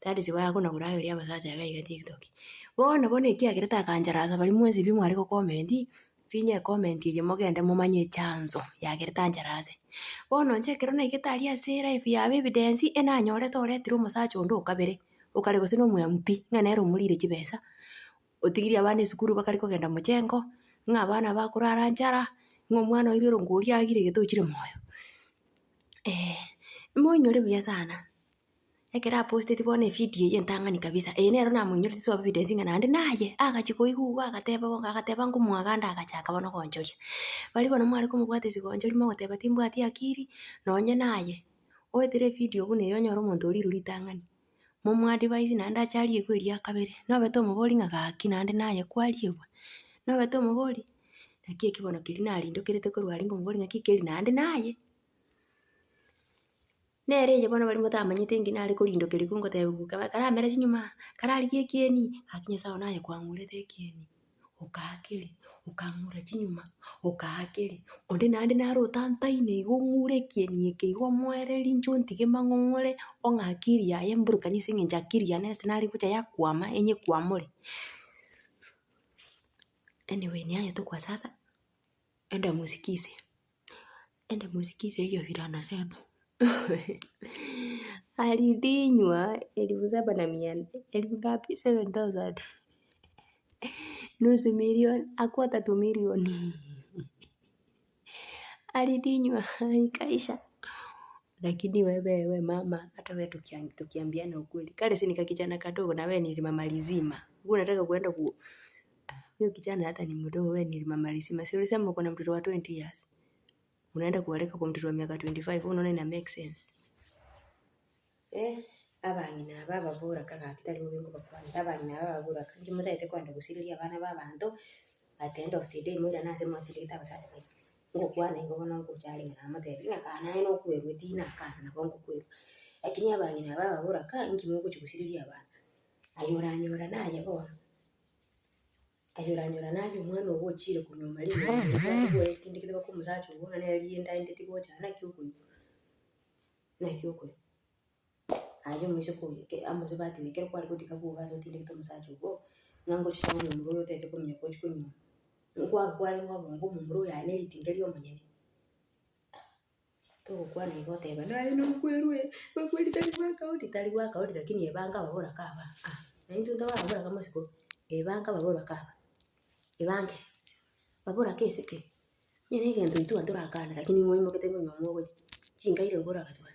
tati waya kuna kudai lia basacha ga iga tiktok bona bona ikia kireta kanjarasa bali mwezi bimu ariko comment finye comment ye mogende mumanye chanzo ya kireta njarase bona nje kirona igitaria sira if ya evidence ena nyore tore tiru musacha undu ukabere ukari gusino mwampi nganero mulire chibesa utigiria abana esukuru bakari kogenda muchengo ng'a abana bakurara njara ng'a omwana oirwe rongori agire gete ochire moyo eh imonyo ribuya sana ekera aposte tibona evideo eye entang'ani kabisa eye nero namonyorete sobe evidence ng'a naende naye agachi koigua agateba bonga agateba ngomwaganda agachaka bono gonchoria bari bono mware komobwata ase gonchori mogoteba timbwati akiri nonye naye oetere evideo buna eye onyore omonto oriru ritang'ani momwadvise naende achariegwa eria akabere nobeta omobori ng'a gaki naende naye kwariegwa nobeta omobori naki ekibono keria narindũkĩrĩte korwa aringa omobori ng'aki keri naende naye nere eye bono bari motama nyete ngina are korindokeri kongotebi guka karamera chinyuma kararigie ekieni gakinya sago naye kwang'urete ekieni okakeri okang'ura chinyuma okakeri onde naende nare otantaine igo ng'ure ekieni eke igo omwereri inche ontige mang'ong'ore ong'aki riaya emburukani ase eng'encho aki riane ase nare gocha yakwama enye ekwamore anyway niaye kwa sasa enda musikise enda musikise hiyo virana zetu alidinywa elfu saba na mia elfu ngapi? 7000 nusu milioni akuwa tatu milioni alidinywa ikaisha. Lakini wewe we mama, hata wewe tukiang, tukiambiana ukweli, kale si nika kijana kadogo na wewe nilimamalizima, nataka kuenda ku ah, huyo kijana hata ni mdogo, wewe nilimamalizima. Si ulisema uko na mtoto wa 20 years? unaenda kuwaleka kwa mtoto wa miaka 25, unaona ina make sense eh nina baba bora kaka kitali bubingo bakwanda abana babavura kangi mutaite kusilia bana baba babantu at the end of the day mwira nase mwatire kitaba sacha ngo kwa na ngo na ngo chali ngana mutaite na kana ino kuwe tina kana na ngo kuwe bongo kwerwe akinya abana babavura kangi mungu chikusiria bana ayora nyora na yabo anyuranyuranayo omwana oba okire kunyuma lino tindi kithe bakumusacha obwo ngane ali enda ende tigocha naki okuyu naki okuyu aje mwisho kuyu ke amuze bati wekere kwali kutika kuga so tindi kithe musacha obwo nango chisoma mumuru yo tete kumenya kochi kunyuma nkwa kwali ngwa bongo mumuru ya ne litinga lyo munyene togokwa na igo teba naye no kwerwe bakweli tali mwaka odi tali mwaka odi lakini ebanga babora kaba ah na intu ndawabora kamasiko ebanga babora kaba ibange babura kesike nyene egento itwa nturakaana lakini moimo ketengo nyomogo chingaire nkora gatwa